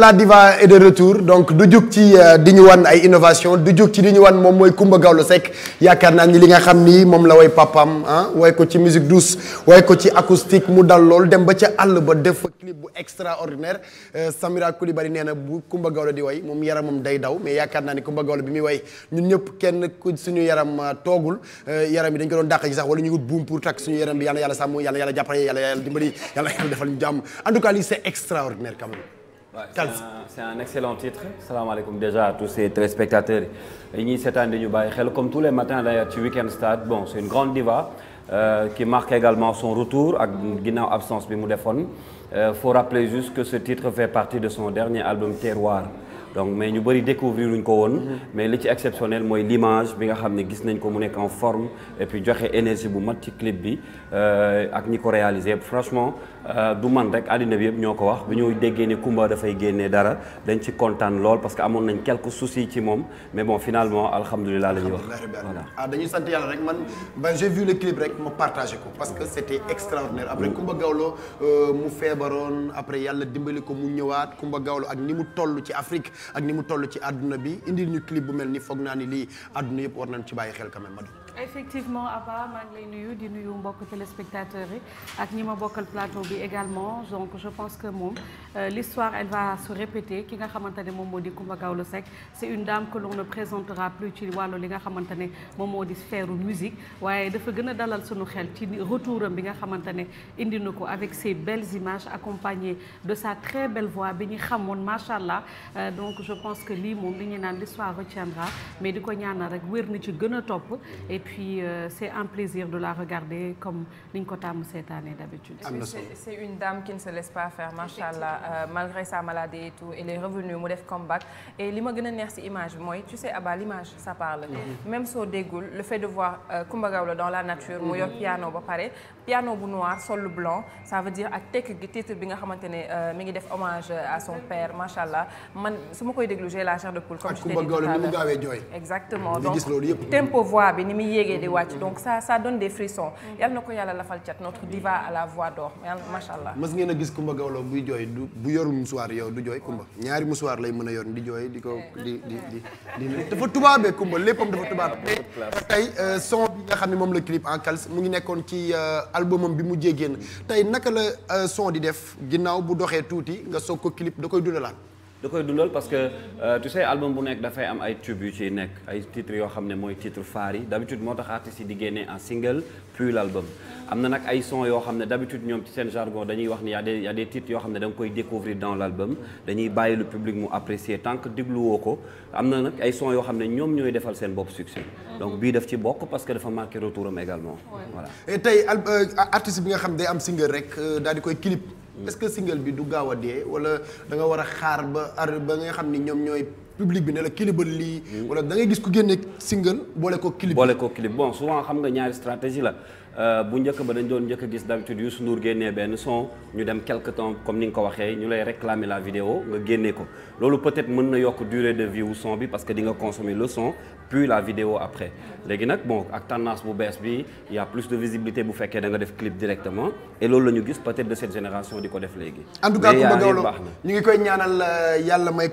la diva est de retour donc du jug ci euh, di ñu wan ay innovation du jug ci di ñu wan moom mooy Coumba Gawlo Seck yaakaar naa ni li nga xam ni moom la way papam ah way ko ci musique douce way ko ci acoustique mu dal lool dem ba ca àll ba def fa clip bu extraordinaire euh, Samira Coulibaly nee na bu Coumba Gawlo di way moom yaramam day daw mais yaakaar naa ni Coumba Gawlo bi muy way ñun ñëpp kenn ku suñu yaram euh, toogul yaram yi dañ ko doon dàq ji sax wala ñu wut yàlla yàlla sàmm yàlla yàlla jàppale yàlla yàlla dimbali defal ñu jàmm en tout cas lii c'est Kals c'est un excellent titre salaamaaleykum déjà à tous ces téléspectateurs yi ñuy seetaan di ñu bàyyi xel comme tous les matins d'ailleurs ci Weekend Stars bon c'est une grande diva euh, qui marque également son retour ak ginnaaw absence bi mu defoon euh, faut rappeler juste que ce titre fait partie de son dernier album Terroir donc mais ñu bëri découvrir luñ ko woon mm-hmm. mais li ci exceptionnel mooy l'image bi nga xam ne gis nañ ko mu nekk en forme et joxe énergie bu mat ci clip bi euh, ak ñi ko réaliser franchement Euh, du man rek àddina bi yëpp ñoo ko wax bi ñu déggee ni Kumba dafay génnee dara dañ ci kontaan lool parce que amoon nañ quelques soucis ci moom mais bon finalement alhamdulilah la ñuy wax voilà. ah dañuy sant yàlla rek man ben j'ai vu le clip rek ma partagé ko parce que c'était extraordinaire après Kumba Gawlo euh, mu feebaroon après yàlla dimbali ko mu ñëwaat Kumba Gawlo ak ni mu toll ci Afrique ak ni mu toll ci àdduna bi indi ñu clip bu mel ni foog naa ni lii àdduna yëpp war nañ ci bàyyi xel quand même Madou effectivement Abba maa ngi lay nuyu di nuyu mbokk téléspectateurs yi ak ñi ma bokkal plateau bi également donc je pense que moom euh, l'histoire elle va se répéter ki nga xamante ne moom moo di Coumba Gawlo Seck c'est une dame que l'on ne ci wàllu li nga xamante ne moom moo di sphère musique waaye dafa gën a dalal suñu xel ci retouram bi nga xamante ne indi na ko avec ses belles images accompagnées de sa très belle bi ñu xamoon macha allah euh, donc je pense que lii moom li ñu naan l'histoire retiendra mais di ko ñaanal rek wér na ci gën a topp puis euh, c'est un plaisir de la regarder comme ni ñu ko tàmm seetaane d'habitude c'est une dame qui ne se laisse pas faire macha allah euh, malgré sa maladie et tout elle revenue mu def comeback et li ma gën a neex ci image bi mooy tu sais Abba l'image ça parle mm même soo déggul le fait de voir euh, Coumba Gawlo dans la nature mu yor piano ba pare piano bu noir sol lu blanc ça veut ak tekk gi titre bi nga xamante ne euh, mi ngi def hommage euh, à son père macha allah man su koy déglu la chair de poule comme je t'ai dit tout à l'heure yéegee di wàcc donc ça sa donne des frissons yal na ko yàlla lafal cat notre diva à la voix d'or yàlla macha allah mës ngeen a gis Kumba Gawlo buy jooy du bu yoru musuwaar yow du jooy Kumba ñaari musuwaar lay mën a yor di jooy di ko di di di di dafa tubaabee Kumba léppam dafa tubaabee tey euh, son bi nga xam ne moom la clip en calce mu ngi nekkoon ci euh, albumam bi mu jéegéen tey naka la euh, son di def ginnaaw bu doxee tuuti nga soog ko clip da koy dundalaat da koy dundal parce que euh, tu sais bu nekk dafay am ay tube yu ciy nekk ay titres yoo xam ne mooy titre phare yi moo tax artistes yi di génnee en single puis l'album am na nag ay son yoo xam ne d'habitude koy découvrir dans l'album dañuy bàyyi le public mu apprécier tant que ko am na nag ay son yoo xam ne ñoom ñooy defal seen bopp succès donc bii daf ci bokk parce que dafa marqué retour également voilà tey euh, artiste bi nga xam day am single rek euh, daal est-ce que single bi du gaaw a dee wala danga war a xaar ba ar ba nga xam ni ñoom ñooy public bi ne la kilibal lii. wala da ngay gis ku génne single boole ko. kilib boole ko kilib bon souvent xam nga ñaari stratégie la Euh, bu njëkk ba dañ doon njëkk a gis d'habitude Youssou Ndour génnee benn son ñu dem quelque temps comme ni nga ko waxee ñu lay réclamer la vidéo nga génnee ko loolu peut mën na yokk durée de vie wu bi parce que di nga consommer puis la vidéo après léegi nag bon ak tendance bu bees bi y plus de visibilité bu fekkee da def clip directement et loolu la gis peut de cette génération di ko def léegi en tout cas Gawlo ñu ngi koy ñaanal euh, yàlla may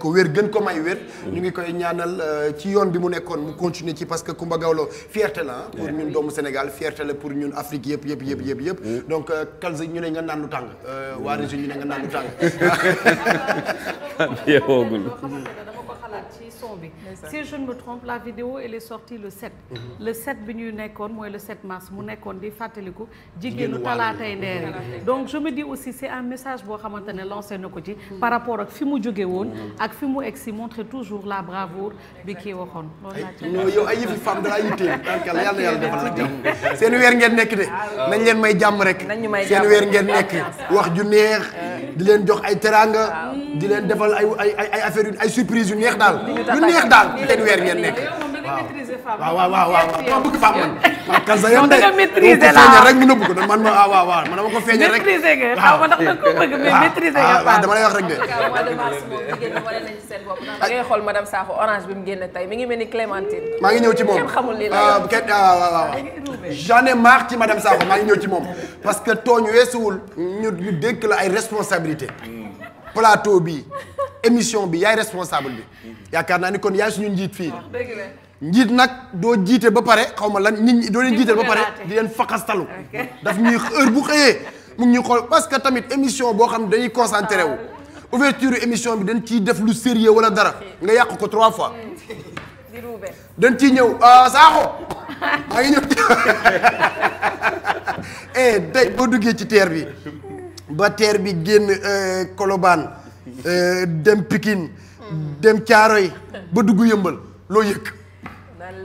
ñun Afrique yëpp yëpp yëpp yëpp yëpp mm. donc Kalz euh, ñu ne nga naan lu tàng euh, waa région ñu ne nga naan lu tàng yeewoogul leçon bi si je ne me trompe la vidéo elle est sortie le 7 mm-hmm. le 7 bi ñuy nekkoon mooy le 7 mars mu nekkoon di fàttaliku jigéenu talaatay ndeer donc je me dis aussi c'est un message boo xamante ne lancé na ko ci mm-hmm. par rapport ak fi mu jóge woon mm-hmm. ak fi mu si montre toujours la bravoure bi kii waxoon loolu yow ay yëfi femme dalaa yittee tànkal seen weer ngeen nekk de ah, nañ leen may jàmm rek seen weer ngeen nekk ah, wax ju neex ah. di leen jox ay teraanga di leen defal ay ay ay affaire yu ay surprise yu neex lu neex daal seen weer ngeen nekk. waaw waaw waaw waaw ma bëgg femme rek mu nëbbu ko man ma ah, waaw waaw man ma ko feeñee rek. ma ndax da nga ah, ah, rek de. da ngay xool madame Sakho orange bi mu génn tey mi ngi mel ni Clémentine. maa ngi ñëw ci moom kenn xamul lii la kenn waaw waaw waaw. j'en ci madame Sakho maa ngi ñëw ci moom parce que tooñ weesuwul ñu dénk la ay responsabilité plateau bi émission bi yaay responsable bi mhm. yaakaar naa ni kon yaay suñu njiit fii ah, njiit nag doo jiite ba pare xaw ma lan ñi doo leen jiite ba pare di leen faqastalu daf ñuy heure bu xëyee mu ngi ñuy xool parce que tamit émission boo xam dañuy concentré wu ah. ouverture émission bi dañ ciy def lu sérieux wala dara nga yàq ko trois fois mm. dañ ciy ñëw ah, saaxo maa ngi ñëw eh day boo duggee ci teer bi ba teer bi génn euh, Colobane euh, dem Pikine dem Thiaroye ba dugg yëmbal loo yëg. dans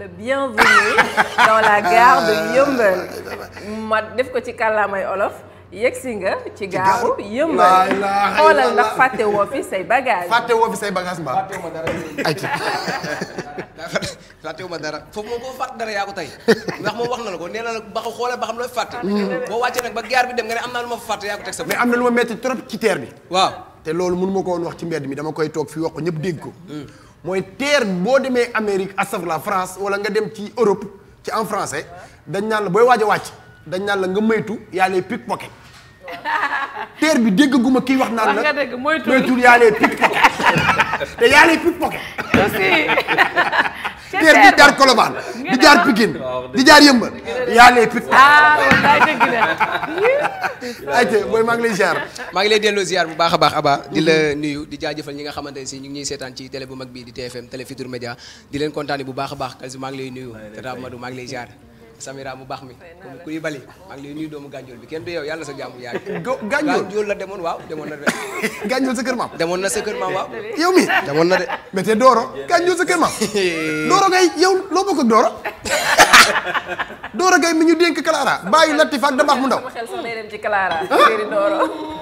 la gare de ah, Yëmbal ma def ko ci kàllaamay olof yegsi nga ci gaaru Yëmbal xoolal ndax fàtte woo say bagage fàtte woo say bagage mbaa. fàttewu ma dara foofu moom koo fàtt dara yaa ko tey ndax moom wax na la ko nee na la ba xam xoolee ba xam looy fàtte mm. Mm. boo wàccee nag ba gaar bi dem nga ne am naa lu ma fàtte yaa ko teg sa mais am na lu ma metti trop ci teer bi waaw te loolu mënu ma ko wax ci mbedd mi dama koy toog fii wax ko ñëpp mm. mooy teer boo demee Amérique astafurlah France wala nga dem ci Europe ci en dañ naan la booy waaj a wàcc dañ naan la nga moytu yaa lay pickpocket teer bi déggaguma kii wax naan la wax nga dëgg moytu moytu yaa lay pickpocket te yaa teer di jaar Colobane di jaar Pikine di jaar Yëmbal yaa lay pik ah wallaay dëgg la ayte booy maa ngi lay ziar bu baax a baax Aba di la nuyu di jaajëfal ñi nga xamante si ñu ngi seetaan ci télé bu mag bii di TFM télé Futurs Médias di leen kontaane bu baax a baax Kalsi maa ngi lay nuyu Tata ma maa ngi lay ziar Samira mu baax mi comme kuy bali maa ngi lay doomu gànjool bi kenn du yow yàlla sa jàmm yaa gànjool la demoon waaw demoon na de gànjool sa kër maam demoon na sa kër maam waaw yow mi demoon na de mais te Doro gànjool sa kër maam Doro ngay yow loo bokk ak Doro Doro Gaye mi ñu dénk Clara bàyyi Latifa ak da baax mu ndaw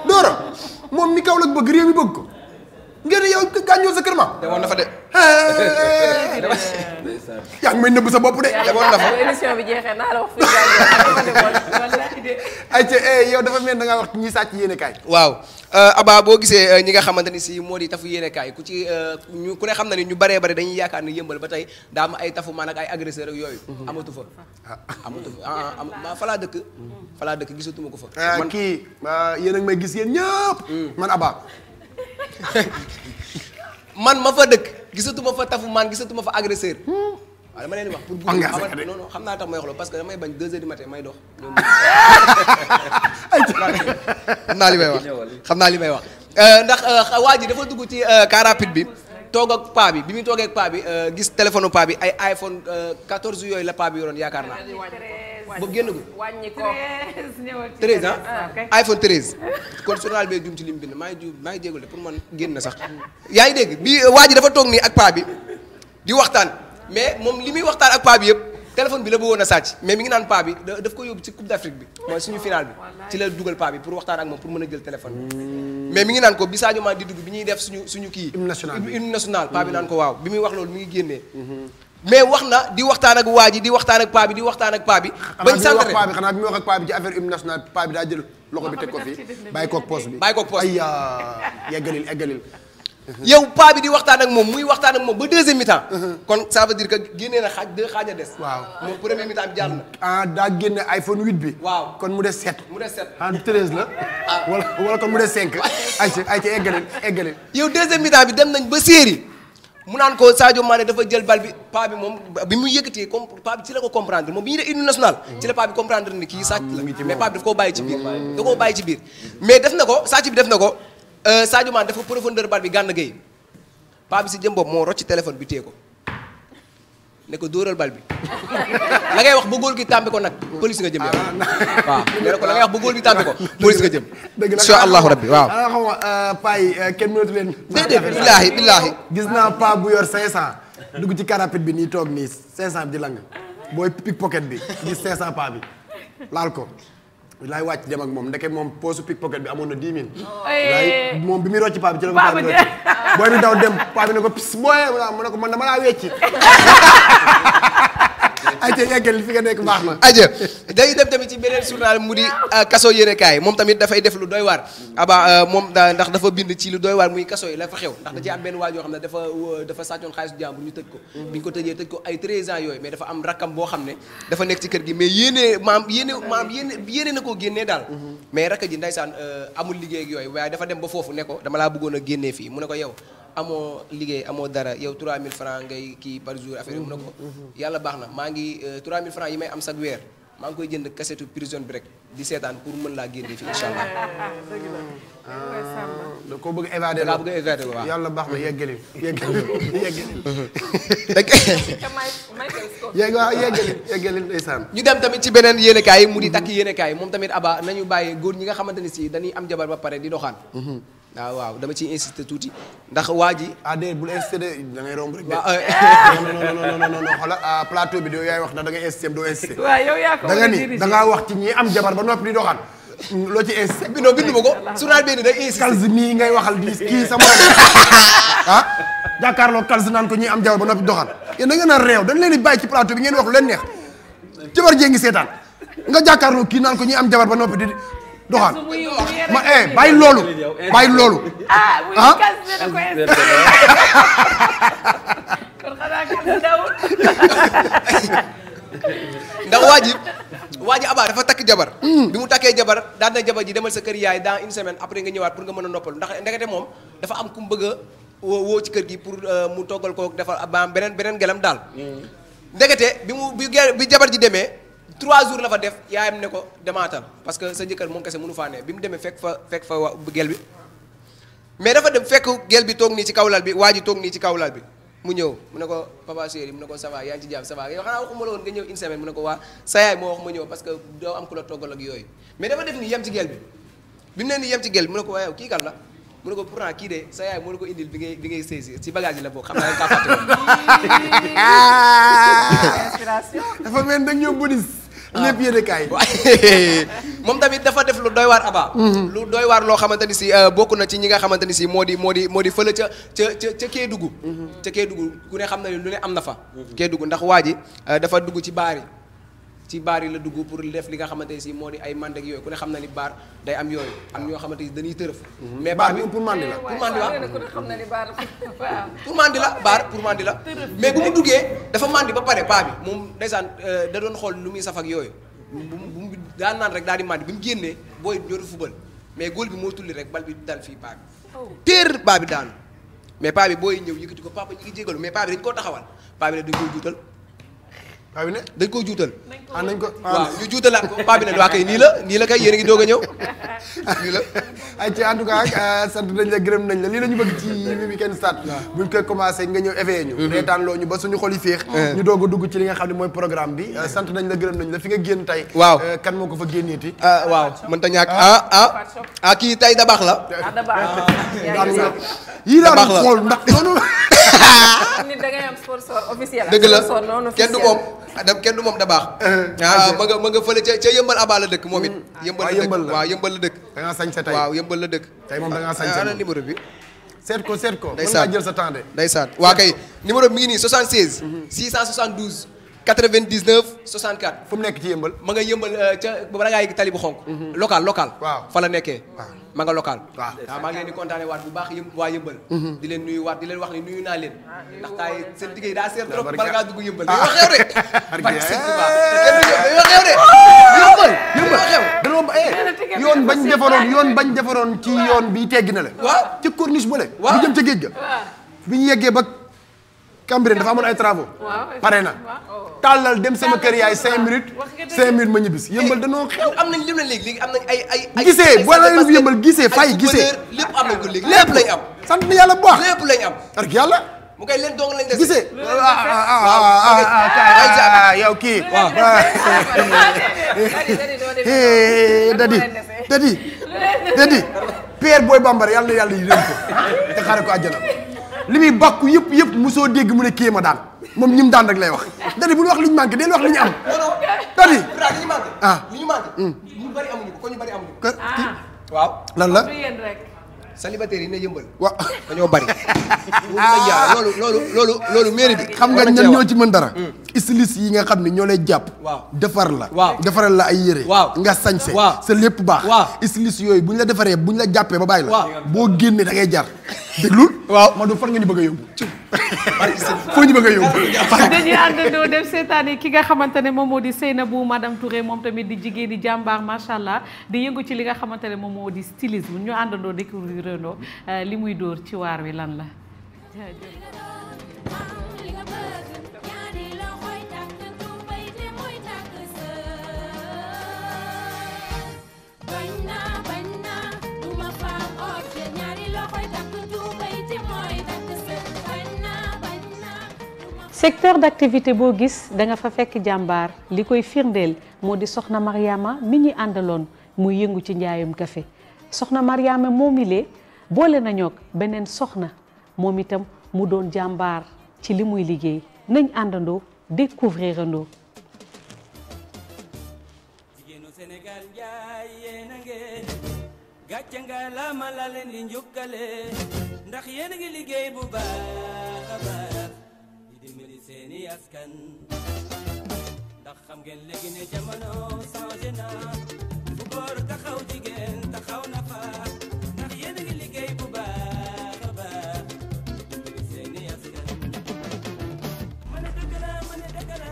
Doro moom mi kaw la bëgg réew mi bëgg ko ngeen yow gaañoo sa kër ma. demoon na fa de. yaa ngi may nëbb sa bopp de. demoon na fa émission bi jeexee naa la eh, yow dafa mel danga ngaa wax ñi sàcc yéene kaay. waaw euh, Aba boo gisee euh, ñi nga xamante ni si moo di tafu yéene kaay ku ci euh, ñu ku ne xam na ni ñu baree bare dañuy yaakaar ni yëmbal ba tey daa ay tafu maanaam ay agresseur ak yooyu. amatu mhm. fa amatu fa ah fa ah, ah, laa dëkk. Mhm. fa dëkk gisatuma ko fa. Ah, man kii yéen a ngi may gis yéen ñëpp. Mm. man Aba. man ma fa dëkk gisatuma fa tafu maan gisatuma fa agresseur. waaw ah, dama leen di wax pour. bu ngeen xam naa tax may parce que damay bañ 2 heures du matin may dox. naa li may wax xam naa li may wax euh, ndax euh, waa ji dafa dugg ci euh, car bi. toog ak paa bi bi muy toogee ak paa bi euh, gis téléphone paa bi ay iPhone 14 euh, yooyu la paa bi yoroon yaakaar naa. boobu génn ko wàññi ko 13 ah, ah iPhone 13. kon journal bee juum ci li mu bind maa ngi juum maa ngi jégalu pour man génn na sax yaa ngi dégg bi waa ji dafa toog nii ak paa bi di waxtaan mais moom li muy waxtaan ak paa bi yëpp. téléphone bi la bëggoon a sàcc mais mi ngi naan paa bi daf ko yóbbu ci coupe d' afrique bi mooy suñu final bi ci la dugal paa bi pour waxtaan ak moom pour mën a jël téléphone bi mais ngi naan ko bi Sadio di dugg bi ñuy def suñu kii hymne national paa bi naan ko mm-hmm. waaw bi muy wax loolu mi ngi génnee mais wax na di waxtaan ak waa ji di waxtaan ak paa bi di waxtaan ak paa bi bañ centré paa bi xanaa bi muy wax ak paa bi ci affaire hymne national paa bi daa jël loxo yow paa bi di waxtaan ak moom muy waxtaan moom ba deuxième mi-temps. Uh-huh. kon ça veut dire que na xaaj deux xaaj a des. waaw moom premier mi-temps bi jàll na. ah daa génne iPhone 8 bi. waaw kon mu de set mu des 7 ah, la. Ah. wala wala kon mu des 5. ay ca ay ca eggale eggale. yow deuxième bi dem nañ ba série mu naan ko Sadio Mané dafa jël bal bi paa bi moom bi mu yëkkatee ci la ko comprendre moom bi ñu ne ci la paa comprendre ni kii sàcc la. Ah, mais paa bi daf koo bàyyi ci biir. da koo bàyyi na ko sàcc bi def na ko. Euh, Sadio Mané dafa profondeur bal bi Gana Gueye paa bi si jëm bopp moo rocc téléphone bi téye ko ne ko dóoral bal bi la ngay wax ba góol gi tàmbi ko nag police nga jëm yow. Ah, allahu rabbi waaw. Ah, xanaa euh, euh, kenn mënatu leen. billaahi billaahi. gis naa paa bu yor 500 dugg ci carapide bi nii toog nii 500 bi di lang booy pickpocket bi gis 500 paa bi laal ko. laay wàcc dem ak moom ndeke moom poosu pickpocket bi amoon na 10 000. laay eh. moom bi muy rocci paa bi ci ko paa bi rocci. daw dem paa bi ko pis booyee mu ne ko man dama laa wecci. ayca yeggal fi nga nekk baax na. aja day dem tamit ci beneen journal mu di uh, kaso yërekaay moom tamit dafay def lu doy waar. aba uh, moom da ndax dafa bind ci lu doy waar muy kaso yi la fa xew. ndax da ci am benn waay yoo xam ne dafa uh, dafa sàccoon xaalisu jàmbur ñu tëj ko. ñu ko tëjee tëj ko ay 13 ans yooyu mais dafa am rakkam boo xam ne dafa nekk ci kër gi mais yéenee maam yéene maam yéene yéene na koo génnee daal. Mhm. mais rakk ji ndaysaan amul liggéey ak yooyu waaye dafa dem ba foofu ne ko dama laa bëggoon a génnee fii mu ne ko yow amoo liggéey amoo dara yow 3000 francs ngay kii par jour affaire yi mun na ko mhm, mhm. yàlla baax na maa ngi 3000 euh, francs yi may am chaque weer maa ngi koy jënd kasetu prison break di seetaan pour mën laa génne fii incha allah. dëgg la ah, koo bëgg évader la da bëgg évader waaw yàlla baax na yeggali yeggali yeggali. yegg waaw yeggali yeggali ndeysaan ñu dem tamit ci beneen yéenekaay mu di takk yéenekaay moom tamit Aba nañu bàyyi góor ñi nga xamante ni si dañuy am jabar ba pare di doxaan. Mhm. waaw ah, waaw dama ci insister tuuti ndax waa ji. ah déedéet bul insister de da ngay romb rek. Eh. non non non non xoolal ah, plateau bi yow yaay wax ndax da ngay insister doo insister. waaw yow yaa ko da nga wax ci ñi am jabar ba noppi di doxaan. loo ci insister bindoo bindu ma ko. journal bi day insister. calze mii ngay waxal di kii sama ah jàkkaarloo calze naan ko ñi am jabar ba noppi doxaan. yéen da ngeen a réew dañ leen di bàyyi ci plateau bi ngeen wax lu leen neex jabar jee ngi seetaan nga jàkkaarloo kii naan ko ñi am jabar ba noppi di doxal ma eh bàyyi loolu bàyyi loolu. ah, ah? muy ndax waa ji waa ji Abba dafa takk jabar. bi mu takkee jabar daan na jabar ji demal sa kër yaay dans une semaine après nga ñëwaat pour nga mën a noppalu ndax ndekete moom dafa am ku mu bëgg a woo ci kër gi pour euh, mu toggal koo defal ab beneen beneen gelam daal. Mm. ndekete bi mu bi jabar ji demee. trois jours la fa def yaayam ne ko demaatal parce que sa jëkkër moom kese mënu faa ne bi mu demee fekk fa fekk fa gel bi mais dafa dem fekk gel bi toog nii ci kaw lal bi waa ji toog nii ci kaw lal bi mu ñëw mu ne ko papa chéri mu ne ko ça va yaa ngi ci jàmm ça va yow ko waa sa moo wax ma ñëw parce que doo am ku la toggal ak yooyu mais dafa def nii yem ci gel bi bi mu ne nii yem ci gel bi mu ne ko waaye kii kan la mu ne ko pourtant kii de sa yaay moo la ko indil bi ngay bi ci bagage yi Ah. lépp yéene kaay moom tamit dafa def lu doy waar aba mm-hmm. lu doy waar loo xamante ni si euh, bokk na ci ñi nga xamante ni si moo di moo di moo di fële ca ca ca ca Kédougou mm-hmm. ca Kédougou ku ne xam na ne lu ne am na fa mm-hmm. Kédougou ndax waa ji euh, dafa dugg ci baar ci baar yi la dugg pour def li nga xamante si moo di ay mandek yooyu ku ne xam na ni baar day am yooyu am ñoo xamante si dañuy tërëf mhm. mais baar bi pour mandi pour mandi la duggee dafa mandi ba pare paa bi moom ndeysaan euh, da doon xool lu muy saf ak yooyu bu mu daan naan rek daal di mandi bi mu génnee booy ñoodu fubal mais góol bi moo tulli rek bal bi dal fii paa bi oh. téer paa bi daanu mais paa bi booy ñëw yëkkati ko papa ñi ngi jégalu mais paa dañ koo taxawal paa bi dañ koy juutal paa bi ne dañ koo juutal. ah nañ ko waaw ñu juutalaat ko paa bi ne waa kay nii la nii la kay yéen a ngi doog a ñëw. nii la en tout cas euh, sant nañ la gërëm nañ la lii la ñu bëgg ci Weekend Stars. buñ koy commencé nga ñëw éveillé ñu. Mm-hmm. reetaan loo ñu ba suñu xol yi féex. Eh. ñu doog a dugg ci li nga xam ne mooy programme bi euh, sant nañ la gërëm nañ la fi nga génn tey. waaw euh, kan moo ko fa génneeti. ah waaw mën ta ñàkk ah ah, ah. ah. kii tey da la. ah da baax ah. la. yii daal di xool da ngay am sponsor officiel. dëgg la kenn moom da kenn du moom da baax. Eh, ah ma nga ma nga fële ca ca yëmbal la dëkk moom it. Mm. Ah, yëmbal la dëkk waaw yëmbal la dëkk. da ngaa la dëkk. tey moom da ah, bi. seet ko seet ko. ndeysaan mën naa jël sa temps de. ndeysaan waa kay numéro mi ngi nii 76. 672. Mhm. 99 64. fu mu nekk ci yëmbal. ma nga yëmbal euh, ca bala ngaa yegg tali mhm. ma nga local. waaw maa ngi bu baax yë waa yëmbal. Mhm. di leen nuyu waat di leen wax ni nuyu naa ah, ah, ah, de. parce que yoon bañ defaroon yoon bañ defaroon ci yoon bi teggi na la. waaw ci corniche bu le. waaw bu jëm ca géej ga. bi ñu yeggee ba Cambérène dafa amoon ay travaux. pare na tàllal dem sama kër yaay cinq minutes cinq minutes ma ñibbis yëmbal danoo xew am nañ lim na léegi léegi am nañ ay ay gisee boo leen yëmbal gisee fay gisee lépp am nañ ko léegi lépp lañ am sant na yàlla bu baax lépp am ak yàlla mu koy leen dong lañ des gisee yow kii dadi dadi dadi booy bambara yàlla na yàlla yërëm te xare ko àjjana li muy bàkku yëpp yëpp mosoo dégg mu ne kii ma daan moom ñim daan rek lay wax dadi bul wax li ñu manqué del wax li ñu am dadi li ñu manqué ah. ñu manqué hmm. ñu bari amuñu ko ko ñu bari ah. waaw lan la célibataire yi ne yëmbal waaw dañoo bari loolu loolu loolu loolu mairie bi xam nga ñan ñoo ci mën dara hmm. stylistes yi nga xam ne ñoo lay jàpp waaw defar la waaw defaral la ay yére waaw nga sañse sa lépp baax waaw stylistes yooyu bu ñu la defaree bu ñu la jàppee ba bàyyi la boo génnee da ngay jar déglul waaw Madou fan nga ñu bëgg a yóbbu. foo dañuy àndandoo dem seetaani ki nga xamante ne moom moo di Seynabou madame Touré moom tamit di jigéen di jàmbaar macha allah di yëngu ci li nga xamante ne moom moo di stylisme ñu àndandoo découvrir euh, li muy dóor ci waar wi lan la. secteur d'activité boo gis da fa fekk jàmbaar li koy firndeel moo di soxna Mariama mi ñu àndaloon muy yëngu ci njaayum kafe soxna Mariama moomile boole nañoo ak beneen soxna moom itam mu doon jàmbaar ci li muy liggéey nañ àndandoo découvrir andoo jigéenu Sénégal liggéey askan ndax xam ngeen léegi ne jamono changé na fu góor taxaw jigéen taxaw na fa ndax yéen a ngi liggéey bu baax a baax dimbali seeni askan mën a dëgg la mën a dëgg la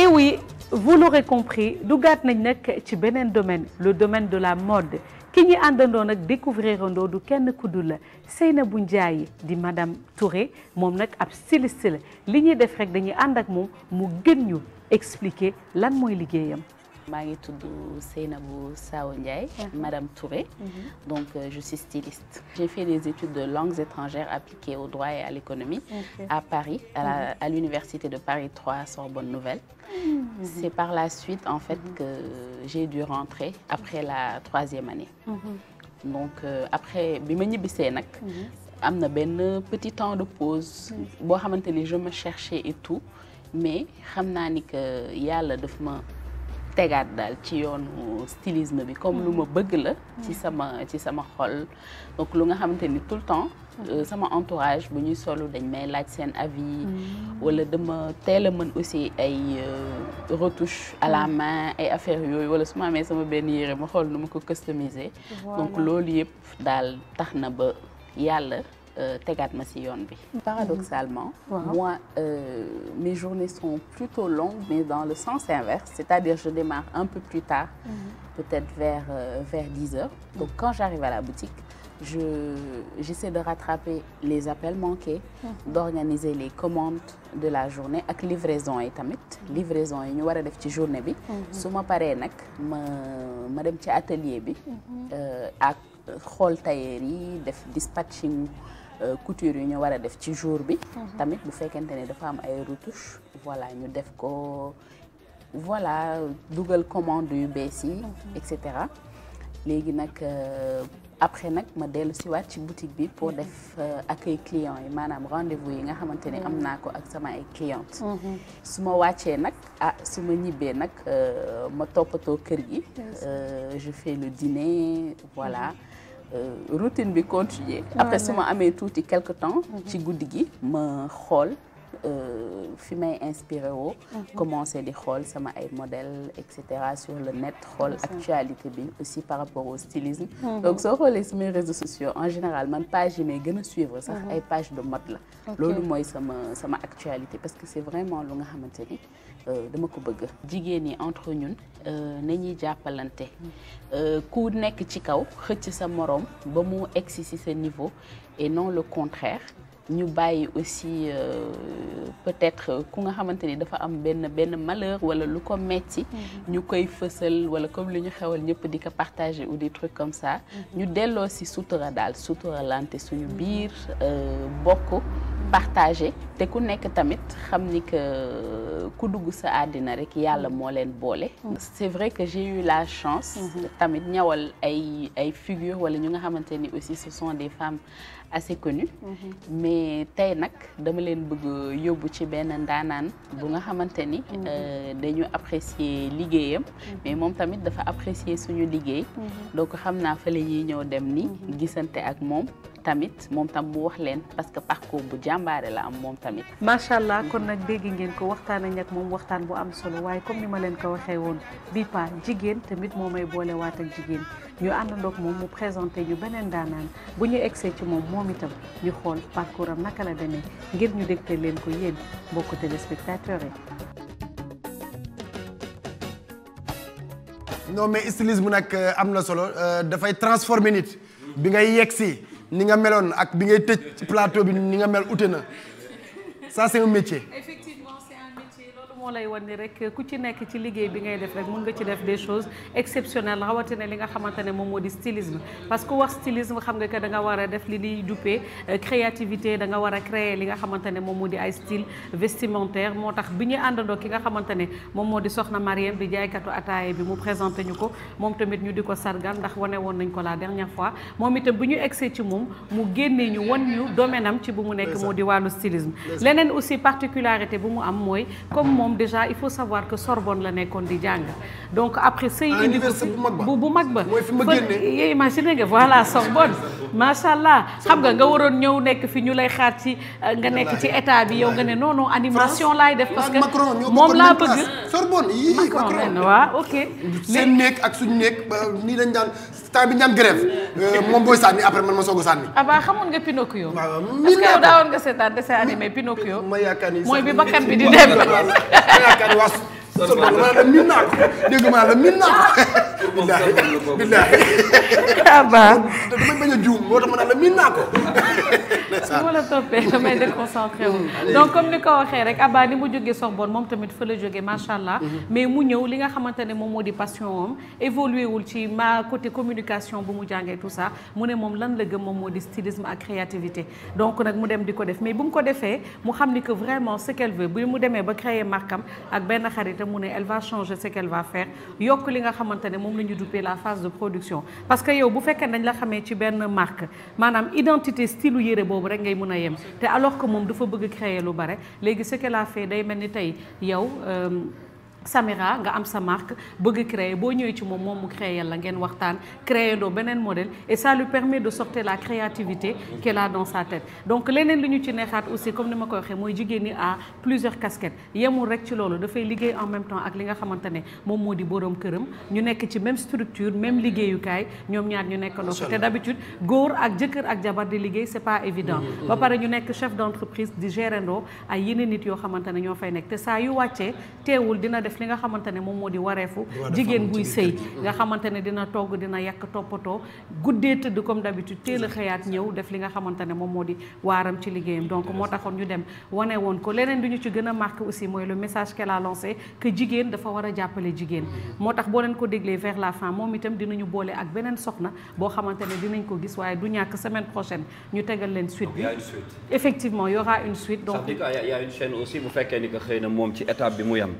et eh oui vous l'aurez compris dugaat nañ nag ci beneen domaine le domaine de la mode ki ñu àndandoo nag découvrir andoo du kenn kuddu la seyna Seynabou Ndiaye di madame Touré moom nag ab styliste la li ñuy def rek dañuy ànd ak moom mu gën ñu expliquer lan mooy liggéeyam maa ngi tudd Seynabou Sao Ndiaye. madame Touré. Mhm. donc euh, je suis styliste. j'ai fait des études de langues étrangères appliquées au droit et à l'économie. à Paris mhm. à l'université de Paris 3 Sorbonne Nouvelle. Mhm. c'est par la suite en fait que j'ai dû rentrer après la troisième année. donc euh, après bi ma ñibbisee nag. am na benn petit temps de pause. boo xamante ni je me cherchais et tout mais xam naa ni que yàlla daf ma. tegaat daal ci yoonu stylisme bi comme lu ma hmm. bëgg la hmm. ci sama ci sama xol donc lu nga xamante ni tout le temps hmm. euh, sama entourage bu ñuy solu dañ may laaj seen avis wala dama teel a mën aussi ay euh, retouche à la ay affaires yooyu wala su ma amee sama benn yére ma xool nu ma ko customiser donc loolu yëpp daal tax na ba yàlla Euh, tegaat ma ci yoon bi. paradoxalement. Mmh. Wow. moi euh, mes journées sont plutôt longues mais dans le sens inverse c'est-à-dire je démarre un peu plus tard. Mmh. peut-être vers euh, vers dix heures. donc mmh. quand j'arrive à la boutique. je de rattraper les appels manqués d'organiser les commandes de la journée ak livraison yi tamit livraison yi ñu war a def ci journée bi su ma paree nag ma ma dem ci atelier bi euh, ak xool tailleur yi def dispatching Euh, couture yi ñu war a def ci jour bi mhm. tamit bu fekkente ne dafa am ay retouche voilà ñu def ko voilà dugal commande yu bees yi mhm. et cetera léegi nag euh, après nag ma dellu siwaat ci boutique bi pour mhm. def euh, accueil client yi maanaam rendez-vous yi nga xamante ni am naa ko ak sama ay clientes su ma wàccee nag ah su ma ñibbee nag ma toppatoo kër gi je fais le dîner voilà Euh, routine bi continuer après su ma amee tuuti quelque temps mm-hmm. ci guddi gi ma xool euh, fi may inspiré woo mm-hmm. commencé di xool sama ay modèles et cetera sur le net xool actualité bi aussi par rapport au stylisme mm-hmm. donc soo xoolee suma réseaux sociaux en général man page yi may gën a suivre sax ay page de mode la loolu mooy sama sama actualité parce que c'est vraiment lu nga xamante ni Euh, dama ko bëgg jigéen ñi entre ñun euh, nañuy jàppalante euh, ku nekk ci kaw xëcc sa morom ba mu egsi ci sa niveau et non le contraire ñu bàyyi aussi euh, peut-être ku nga xamante ni dafa am benn benn malheur wala lu ko metti mm-hmm. ñu koy fësal wala comme lu ñu xewal ñëpp di ko partager ou des trucs comme ça mm-hmm. ñu delloo ci sutura daal sutura lante suñu mm-hmm. biir euh, bokk partager te ku nekk tamit xam ni que euh, ku dugg sa àddina rek yàlla moo leen boole c'est vrai que j'ai eu la chance tamit ñawal ay ay figures wala ñu nga xamante ni aussi ce sont des femmes assez connues tey nag dama leen bëgg yóbbu ci benn ndaanaan bu nga xamante ni mhm. euh, dañu apprécier liggéeyam mhm. mais moom tamit dafa apprécier suñu liggéey mhm. doo ko xam naa fa la ñuy ñëw dem ni gisante ak moom tamit moom tam bu wax leen parce que parcours bu jàmbaare la am moom tamit macha allah kon nag dégg ngeen ko waxtaan ak moom waxtaan bu am solo waaye comme ni ma leen ko waxee woon bi pa jigéen tamit moo may boole waat ak jigéen ñu àndandoog moom mu présenté ñu beneen daanaan bu ñu egsee ci moom moom itam ñu xool parcours am naka la demee ngir ñu dégte leen ko yéen mbokku téléspectateurs yi. non mais stylisme nag euh, am na solo euh, dafay transformé nit bi ngay yegg si ni nga meloon ak bi ngay tëj ci plateau bi ni nga mel ute na ça c'est un métier. moo lay wan ni rek ku ci nekk ci liggéey bi ngay def rek mun nga ci def des choses exceptionnelles rawatina li nga xamante ne moom moo di stylisme parce que wax stylisme xam nga que da nga war euh, nga war a ne moom moo di ay style vestimentaire moo tax bi ñu àndandoo ki nga xamante ne moom moo di soxna Mariam di jaaykatu ataaye bi mu présenté ñu ko moom tamit ñu di ko sargal ndax wane woon nañ ko la dernière fois moom itam bu ñu egsee ci moom mu génnee ñu wan ñu domaine am ci bu mu nekk moo di wàllu stylisme leneen aussi particularité mu am mooy déjà il faut savoir que Sorbonne la nekkoon di jàng donc après sëy ah, indi bu bu mag ba mooy fi ma génnee eh, imagine nga voilà Sorbonne macha allah xam nga nga waroon ñëw nekk fi ñu lay xaar ci euh, nga nekk ci état bi yow nga ne non non animation laay def parce que moom laa bëgg Sorbonne yii Macron waa ok seen nekk ak suñu néeg nii lañ daan temps bi ñaan am grève euh, moom booy sànni après man ma soog sànni abaa ah xamoon nga Pinocchio est-ce que yow daawoon nga seetaan dessin animé Pinocchio mooy bi bakkan bi di dem ma yaakaar ni waa sorbonne maa la miin naa ko dégg maa la miin naa ko. billaahi billaahi. dama bañ a juum moo tax ma naan la miin naa ko. su la toppee damay déconcentré comme ni ko waxee rek Abba ni mu jógee Sorbonne moom tamit fa la jógee macha allah. Mhm. mais mu ñëw li nga xamante ne moom moo di passion am évolué wul ci ma côté communication bu mu jàngee tout ça mu ne moom lan la gëm moom moo di stylisme ak créativité donc nag mu dem di ko def mais bu mu ko defee mu xam ni que vraiment ce qu'elle veut bu mu demee ba créer markam ak benn xaritam mu ne elle va changer ce qu'elle va faire yokk li nga xamante ne moom la ñu duppee la phase de production parce que yow bu fekkee dañ la xamee ci benn marque maanaam identité style yére boobu rek ngay mën a yem te alors que moom dafa bëgg créer lu bare léegi ce qu'elle a day mel ni tey yow euh, Samira nga am sa marque bëgg créer boo ñëwee ci moom moom mu créer la ngeen waxtaan créer doo beneen modèle et ça lui permet de sortir la créativité qu'elle a dans sa tête donc leneen li ñu ci neexaat aussi comme ni ma ko waxee mooy jigéen ñi à plusieurs casquettes yemul rek ci loolu dafay liggéey en même temps ak li nga xamante ne moom moo di boroom këram ñu nekk ci même structure même liggéeyukaay ñoom ñaar ñu nekk ndox te d'habitude góor ak jëkkër ak jabar def li nga xamante ne moom moo di wareefu jigéen buy sëy nga xamante ne dina togg dina yàq toppatoo guddee tëdd comme d'habitude teel a xëyaat ñëw def li nga xamante ne moom moo di waaram ci liggéeyam donc moo taxoon ñu dem wane woon ko leneen du ñu ci gën a marqué aussi mooy le message qu'elle a lancé jigéen dafa war a jàppale jigéen mm-hmm. moo tax boo leen ko déglee vers la fin moom itam dinañu boole ak beneen soxna boo xamante ne dinañ ko gis waaye du ñàkk semaine prochaine ñu tegal leen suite effectivement y aura une suite donc aussi bu fekkee ni que xëy na moom ci étape bi mu yam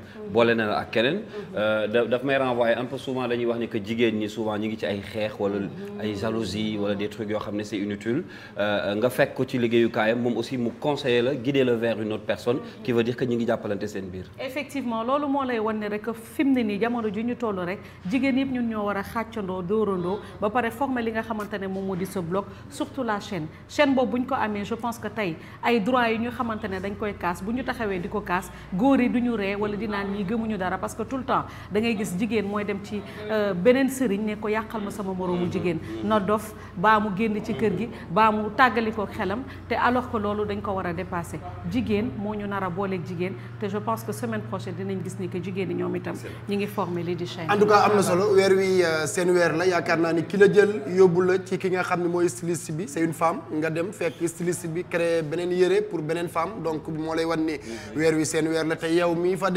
na la ak keneen. Euh, daf may renvoyer un peu souvent dañuy wax ni que jigéen ñi souvent ñi ngi ci ay xeex wala ay jalousie wala des yoo xam ne c'est inutile euh, nga fekk ko ci liggéeyukaayam moom mu conseiller la guider la vers une autre personne qui veut dire que ngi jàppalante seen biir. effectivement loolu moo lay wan ne rek fi ne nii jamono ju ñu toll rek jigéen yëpp ñun ñoo war a xàccandoo dóorandoo ba pare former li nga xamante moom moo di sa blog surtout xamuñu dara parce que tout le temps da ngay gis jigéen mooy dem ci euh, beneen sëriñ ne ko yàqal ma sama moroomu jigéen na dof baa mu génn ci kër gi baa mu tàggali ko xelam te alors que loolu dañ ko war a dépasser jigéen moo ñu nara a booleeg jigéen te je pense que semaine prochaine dinañ gis ni que jigéen ñi ñoom itam ñi ngi former lii di chaîne en tout cas am na solo weer wi euh, seen weer la yaakaar naa ni ki la jël yóbbu la ci ki nga xam ne mooy styliste bi c'est une femme nga dem fekk styliste bi créé beneen yére pour beneen femme donc moo lay wan ni mm-hmm. weer wi seen weer la yow mii fa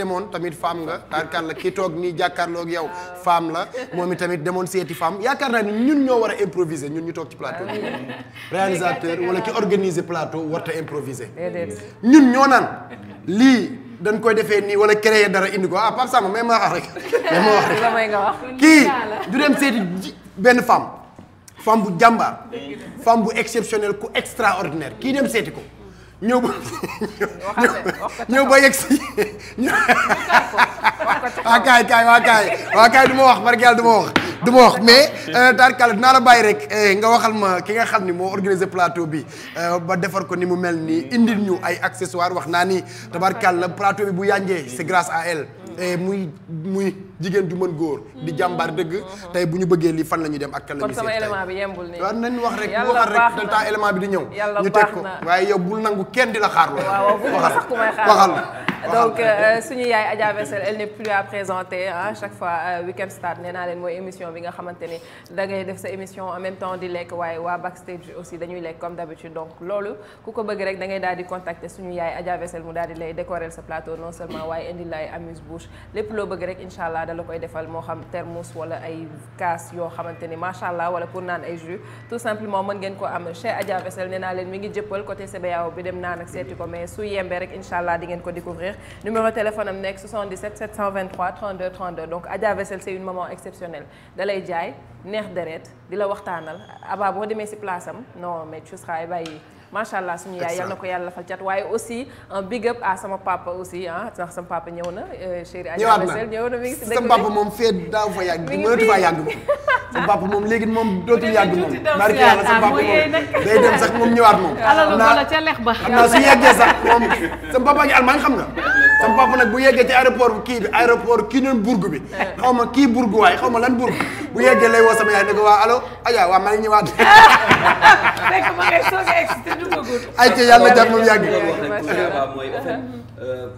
femme la tarkal la toog nii jàkkaarloog yow femme la moom itamit demoon seeti femme yaakaar naa ni ñun ñoo war a improviser ñu toog ci plateau ah. réalisateur wala ki organiser plateau warta improviser ñun ñoo naan lii dañ koy defee nii wala créer dara indi ko ah Pape Samba may ma wax rek may ma wax rek kii du dem seeti benn femme femme bu jàmbaar femme bu exceptionnelle ku extraordinaire kii dem seeti ko ñëw ba ñëw ba yegg si waa kaay kaay waa kaay waa kaay du ma wax barke yàlla du ma wax du ma wax mais euh, tarkal dinaa la bàyyi rek eh, nga waxal ma ki nga xam ni moo organisé plateau bi euh, ba defar ko ni mu mel ni indil ñu ay accessoires wax naa ni tabarkal plateau bi bu yànjee c'est grâce à elle Eh, muy muy jigéen ju mën góor. di mm-hmm. jàmbaar dëgg. Mm-hmm. tey bu ñu bëggee lii fan la ñuy dem ak kan la ñuy seet sama élément bi yembul nii. waaw nañ wax rek bu waxal rek dal temps bi di ñëw. ñu teg ko waaye yow bul nangu kenn di la xaar lool. waxal waxal. donc euh, suñu yaay Adja Wessel elle n'est plus à présenter à chaque fois euh, Weekend Stars nee naa leen mooy émission bi nga xamante ni da ngay def sa émission en même temps di lekk waaye waa backstage aussi dañuy lekk comme d'habitude donc ku ko bëgg rek da ngay daal di contacter suñu yaay Adja Wessel mu daal di lay décorer sa plateau non seulement waaye indi lay amuse bouche lépp loo bëgg rek incha allah da la koy defal moo xam thermos wala ay kaas yoo xamante ni macha allah wala pour naan ay jus ngeen ko am chez Adja ngi jëppal côté CBAO bi dem naan ak seeti ko ngeen ko découvrir venir numéro téléphone am nekk 77 723 32 32 donc Adja Vessel c'est une maman exceptionnelle da lay jaay neex deret di la waxtaanal Aba boo demee si place am non mais tu seras ébahi macha allah suñu yaay yàlla fal cat waaye aussi un big up à sama papa aussi ah ndax sama papa ñëw na euh, na mi ngi si moom fee daaw fa yàgg moom sama papa moom léegi moom dootul yàgg moom barke yàlla sama papa moom day dem sax moom xam naa su yeggee sax moom sama papa ngi Allemagne xam nga sama papa nag bu yeggee ci aéroport kii bi aéroport kii noonu burg bi eh. xaw ma kii burg waaye xaw ma lan burg bu yeggee lay woo sama yaay ne ko waa allo aja waa maa ñëwaat ayca yàlla na jàmm moom yàgg. mooy en fait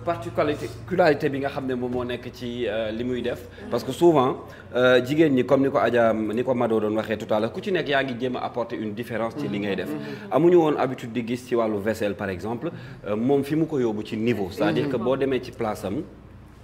particularité euh, particularité bi nga xam ne moom moo nekk ci euh, li muy def. parce que souvent euh, jigéen ñi comme ni ko Adja ni ko madoo doon waxee tout ku ci nekk yaa ngi jéem a apporter une différence ci li ngay def. amuñu woon habitude di gis ci wàllu vaisselle par exemple moom fi mu ko yóbbu ci niveau. c'est-à-dire mm-hmm. boo demee ci place am.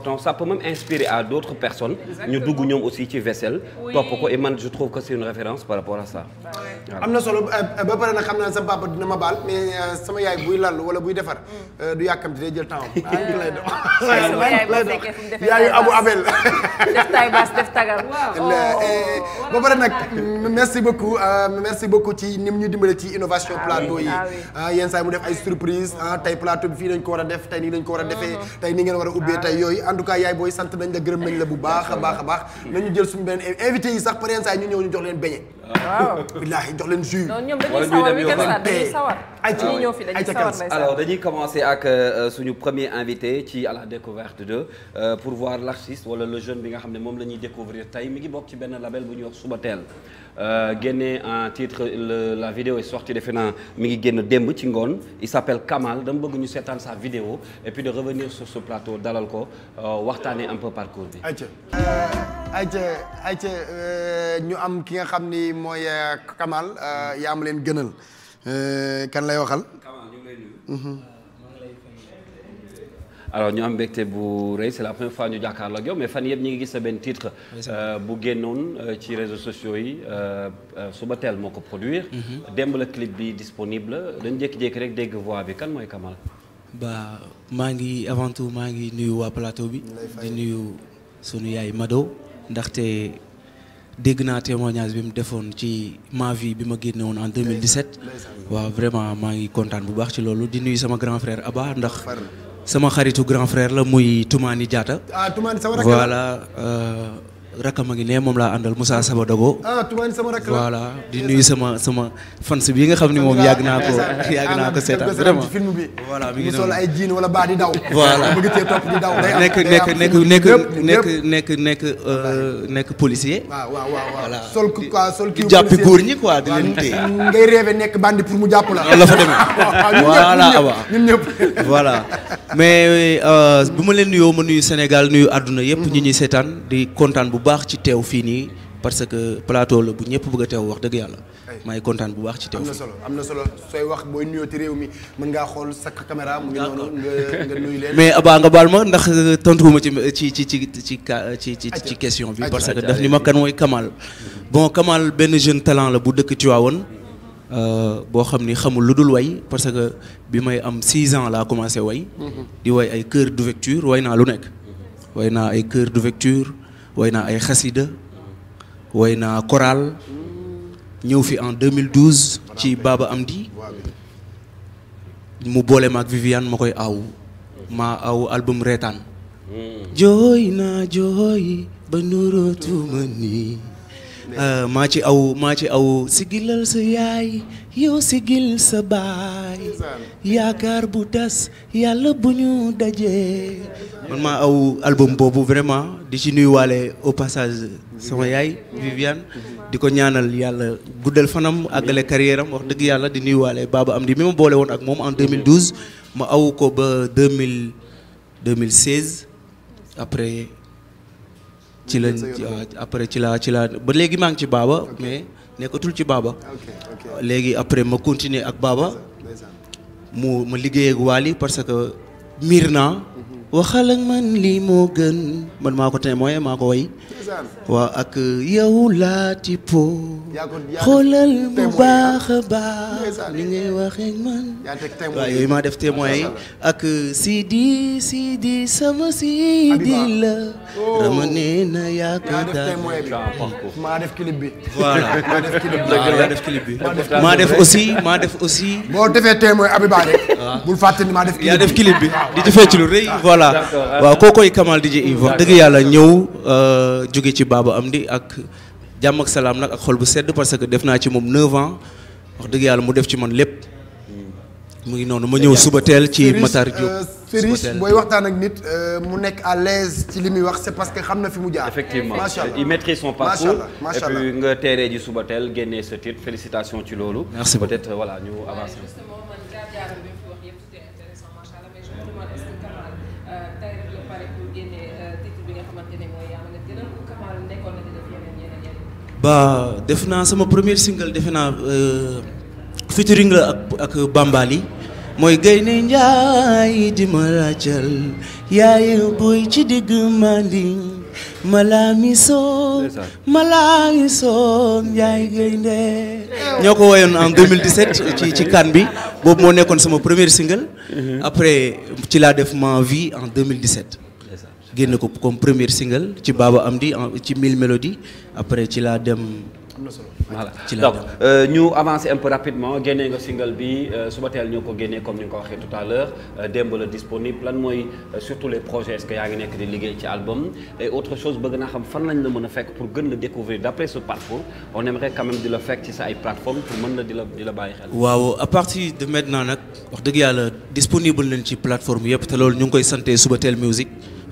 important ça peut même inspirer à d'autres personnes ñu dugg ñoom aussi ci vaisselle topp ko et man je trouve que c'est une référence par rapport a ça ah am na solo euh, euh, ba pare nag xam naa sa papa dina ma baal mais euh, sama yaay buy lall wala buy defar mm. du yàkkamti day jël temps ah, lay dox lay dox yaayu abu abel def tay baas def tagal ba pare nag merci beaucoup merci beaucoup ci nim ñu dimbale ci innovation ah plateau yi yenn saa yi mu def ay surprise tey plateau bi fii lañ ko war a def tey nii lañ war a defee tey war a tey yooyu en tout cas yaay booy sant dañ la gërëm nañ la bu baax a baax a baax nañu jël suñu beneen invité yi sax pareen saa ñu ñëw ñu jox leen beñe waaw billaahi jox leen jus non ñoom dañuy sawar weekend sax dañuy sawar ñi dañuy sawar commencer ak euh, suñu premier invité ci à la découverte de euh, pour voir l'artiste wala le jeune bi nga xam ne moom la ñuy découvrir tey mi ngi bokk ci benn label bu ñuy wax teel Euh, génnee en titre la vidéo est sortie defe naa mi ngi génn démb ci ngoon il s'appelle Kamal dama bëgg ñu seetaan sa vidéo et puis de revenir sur ce plateau dalal ko euh, waxtaanee un peu parcours bi. ayca ayca ayca euh, ñu am ki nga xam ni mooy Kamal yaa ma leen gënal kan lay waxal. Kamal ñu ngi lay alors ñu am mbégte bu rëy c'est la première fois ñu jàkkaarloo ak yow mais fan yëpp ñu ngi gis sa benn titre. Euh, bu génnoon euh, ci réseaux sociaux yi euh, suba teel moo ko produire. Mm-hmm. démb la clip bi disponible dañ jékki-jékki rek dégg voix bi kan mooy Kamal. ba maa ngi avant tout maa ngi nuyu waa plateau bi. di nuyu sunu yaay Mado ndaxte. dégg naa témoignage bi mu defoon ci ma vie bi ma génne woon en 2017 waaw vraiment maa ngi kontaan bu baax ci loolu di nuyu sama grand frère Abba ndax sama xaritu grand frère la muy Toumani Diatta. ah sama rakk la euh, rakkam a ngi ne moom laa àndal Moussa Sabadogo. ah Toumane sama rakk la voilà di nuyu sama sama fans bi nga xam ne moom yàgg naa ko yàgg naa ko seetaan vraiment film bi voilà mi ngi sol ay jiin wala nekk nekk nekk nekk nekk nekk nekk nekk policier. waaw waaw waaw sol ku quoi sol kii jàppi góor pour jàpp la. la fa demee voilà waaw ñun ñëpp voilà mais euh, ma leen nuyoo ma nuyu Sénégal nuyu àdduna yëpp ñi ñuy seetaan di kontaan bu baax ci teew fii nii parce que plateau la bu ñëpp bëgg a teew wax dëgg yàlla maa ngi kontaan bu baax ci teew. am na solo am na solo sooy wax booy nuyoo ci réew mi mën ngaa xool sa caméra mu ngi noonu nga nga nuyu leen. mais abaa nga baal ma ndax euh, tontuwuma euh, ci ci ci ci euh, ci ci ci ci question bi. parce que daf ni ma kan mooy Kamal. bon Kamal benn jeune talent la bu dëkk Tivaouane boo xam ni xamul lu dul way parce que bi may am 6 ans laa commencé way. Mhm. di way ay chœur d'ouverture way naa lu nekk. way naa ay chœur d'ouverture woy naa ay xasida woy naa ñëw fi en 2012 ci Baba Amdi mu boole ma ak Viviane ma koy aw maa aw album reetaan hmm. jooy naa jooy ba nurootuma nii Eh, maa ci aw maa aw sigilal sa yaay yow sigil sa baay yaakaar bu tas yàlla bu ñu dajee man maa aw album boobu vraiment di ci nuyuwaale au passage sama yaay Viviane di ko ñaanal yàlla guddal fanam àggale carrière am wax dëgg yàlla di nuyuwaale Baba Amdi mi ma boole woon ak moom en 2012 ma aw ko ba 2000 2016 après ci la euh, après ci la ci la ba léegi maa ngi ci baaba mais nekkatul ci baaba léegi après ma continuer ak baaba mu ma liggéey ak parce que miir naa mhm. waxal ak man lii moo gën man maa ko tey maa ko way waaw ak yow laa tipo xoolal bu baax a baax li ngay waxee man waaw yooyu maa def témoin yi ak Sidi Sidi sama Sidi la oh. rama nee na yaa ko daal maa def clip bi maa def aussi maa def aussi boo defee témoin Abiba rek ah. bul fàtte ni maa def clip bi yaa def ci lu rëy ah. voilà waaw kookoy Kamal DJ Yves wax dëgg yàlla ñëw euh, jóge ci baaba am Amdi ak jàmm ak salaam nag ak xol bu sedd parce que def naa ci moom 9 ans wax dëgg yàlla mu def ci man lépp mu ngi noonu ma ñëw suba teel ci Matar Diop. Euh, Firish booy waxtaan ak nit euh, mu nekk à l'aise ci li muy wax c'est parce que xam na fi mu jaar. effectivement macha allah il son parcours. macha allah nga teeree ji suba teel génnee sa titre félicitations ci loolu. merci beaucoup peut-être voilà génnee euh, def naa sama première single defe naa euh, featuring la ak ak mooy gaynde njaay di ma ràccal yaaye boy ci digg mali malaami soom malaami soom njaay gaynde ñoo ko woyoon en 2017 ci ci kan bi boobu moo nekkoon sama premier single mhm. après ci laa def ma vie en 2017 génn ko comme premier single ci Baba Amdi ci mille mélodies après ci laa dem. voilà euh, avancer un peu rapidement génnee nga single bi euh, suba teel ñoo ko génnee comme ni ko waxee tout à euh, démb la disponible lan mooy surtout les projets est yaa ngi nekk di liggéey ci album et autre chose bëgg naa xam fan lañ la mën a fekk pour gën la découvrir d'après ce parcours on aimerait quand même di la fekk ci sa ay plateforme pour mën la di la bàyyi xel waaw à partir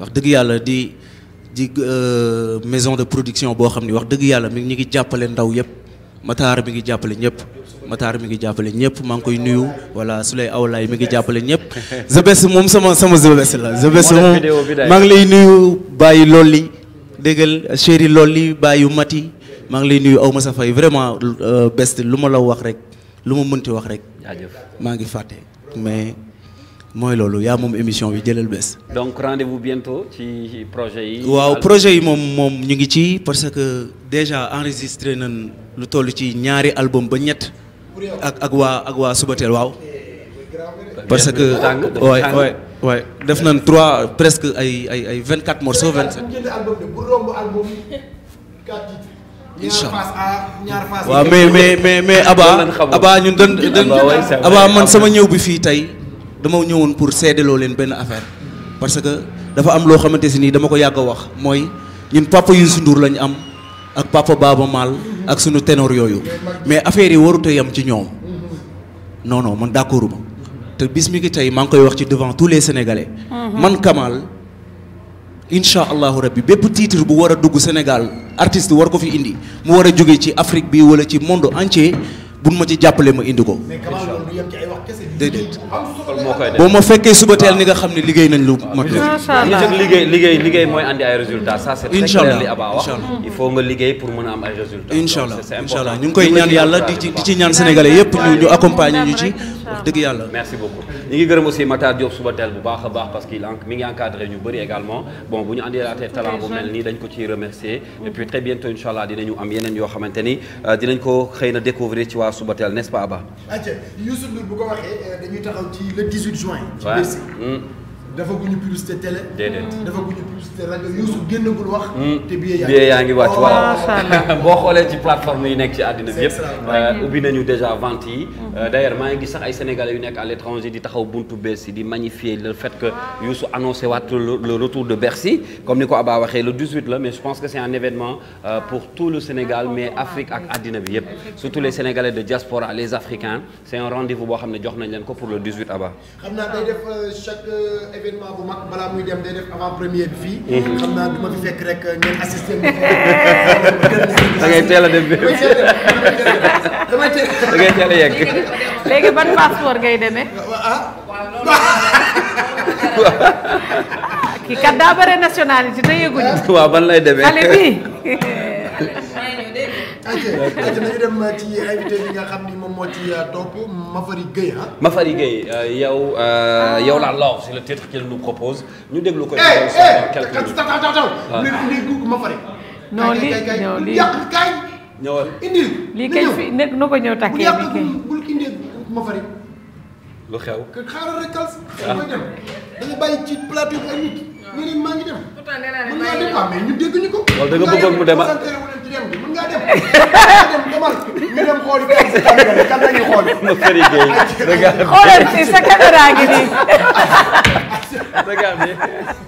wax dëgg yàlla di di euh, maison de production boo xam ni wax dëgg yàlla mi ñu ngi jàppale ndaw yëpp Matar mi ngi jàppale ñëpp Matar mi ngi jàppale ñëpp maa ngi koy nuyu voilà Souley Awlaay mi ngi jàppale ñëpp The moom sama sama The Best la The Best moom maa ngi lay nuyu bàyyi lool li déggal chéri lool li bàyyi mati maa ngi lay nuyu aw ma sa fay vraiment euh, Best lu ma la wax rek lu ma mënti wax rek maa ngi fàtte mooy loolu yaa moom émission bi jëlal bés. donc rendez-vous bientôt ci projet yi. waaw projet yi moom moom ñu ngi ci parce que déjà enregistré nañ lu toll ci ñaari album ba ñett ak ak waa ak waa Subatel waaw. parce que waay def nañ trois presque ay ay ay vingt quatre morceaux vingt sept. mais mais mais mais ñu Abba ñun man sama ñëw bi fii tey. dama ñëwoon pour seedeloo leen benn affaire parce que dafa am loo xamante si nii dama ko yàgg wax mooy ñun papa Youssou Ndour lañu am ak papa Baba Maal ak sunu ténor yooyu mais affaire yi warut a ci ñoom non non man d'accord ma te bis mi ngi tey maa ngi koy wax ci devant tous les sénégalais. Mhm. man Kamal incha allahu rabbi bépp titre bu war a dugg Sénégal artiste war ko fi indi mu war a jóge ci Afrique bi wala ci monde entier. buñ ma ci jàppalee ma indi ko. boo ma fekkee suba teel ni nga xam ne liggéey nañ lu mat liggéey liggéey liggéey mooy andi ay résultats ça ñu ngi koy ñaan yàlla di ci ñaan sénégalais yëpp ñu ñu ñu ci dëgg yàlla ñu ngi gërëm aussi Matar Diop suba teel bu baax a baax parce que mi ngi encadré ñu bëri également bon bu ñu andi laatee talent bu mel nii dañ ko ciy remercier et mm. puis am yeneen yoo xamante ni euh, dinañ ko xëy na découvrir ci suba teel n'est-ce pas Abba. ayca Youssou Ndour bu ko waxee eh, dañuy taxaw ci le 18 juin. ci dafa guñu publicité télé. déedéet mm. dafa guñu publicité rajo Youssou wax. Mm. te yaa ngi wàcc waaw oh, boo xoolee ci plateforme yu nekk ci àddina bi yëpp. Euh, ubbi nañu déjà vente yi. Mm. Euh, d' ailleurs maa ngi gis sax ay sénégalais yu nekk à l' di taxaw buntu Bercy di magnifier le fait que ah. Youssou annoncé waat le retour de Bercy comme ni ko Abba waxee le 18 la mais je pense que c' est un événement euh, pour tout le Sénégal ah, mais Afrique ak àddina bi yëpp surtout les sénégalais de diaspora les africains c' est un rendez vous boo xam ne jox nañ leen ko pour le 18 Abba. xam événement bu mag balaa muy dem day def avant première eh. ma fi fekk rek ngeen assister. Eh. da ngay teel a dem bi damay a da ban passeport ngay demee. ah. kii bare nationalité te yëguñu. waaw ban lay demee xale ok ok nañu dem ci invité bi nga xam ni moom moo ci euh, topp Mafary Gueye ah. Euh, yow euh, ah. yow la love c'est le titre ñu déglu ko. Eh, eh, quelques minutes taw taw taw Mafary. non lii non lii kay ñëwal indi. fi nekk na ko ñëw takkee lii kay lu xew. xaaral rek kàll si. Ah. dem dañu bàyyi ci plateau bi ah, ko. wala da bëggoon mu dema di dem bi mën ngaa dem dem demal ñu dem xooli kan si kan la ñuy xooli. xoolal si sa caméra gi nii.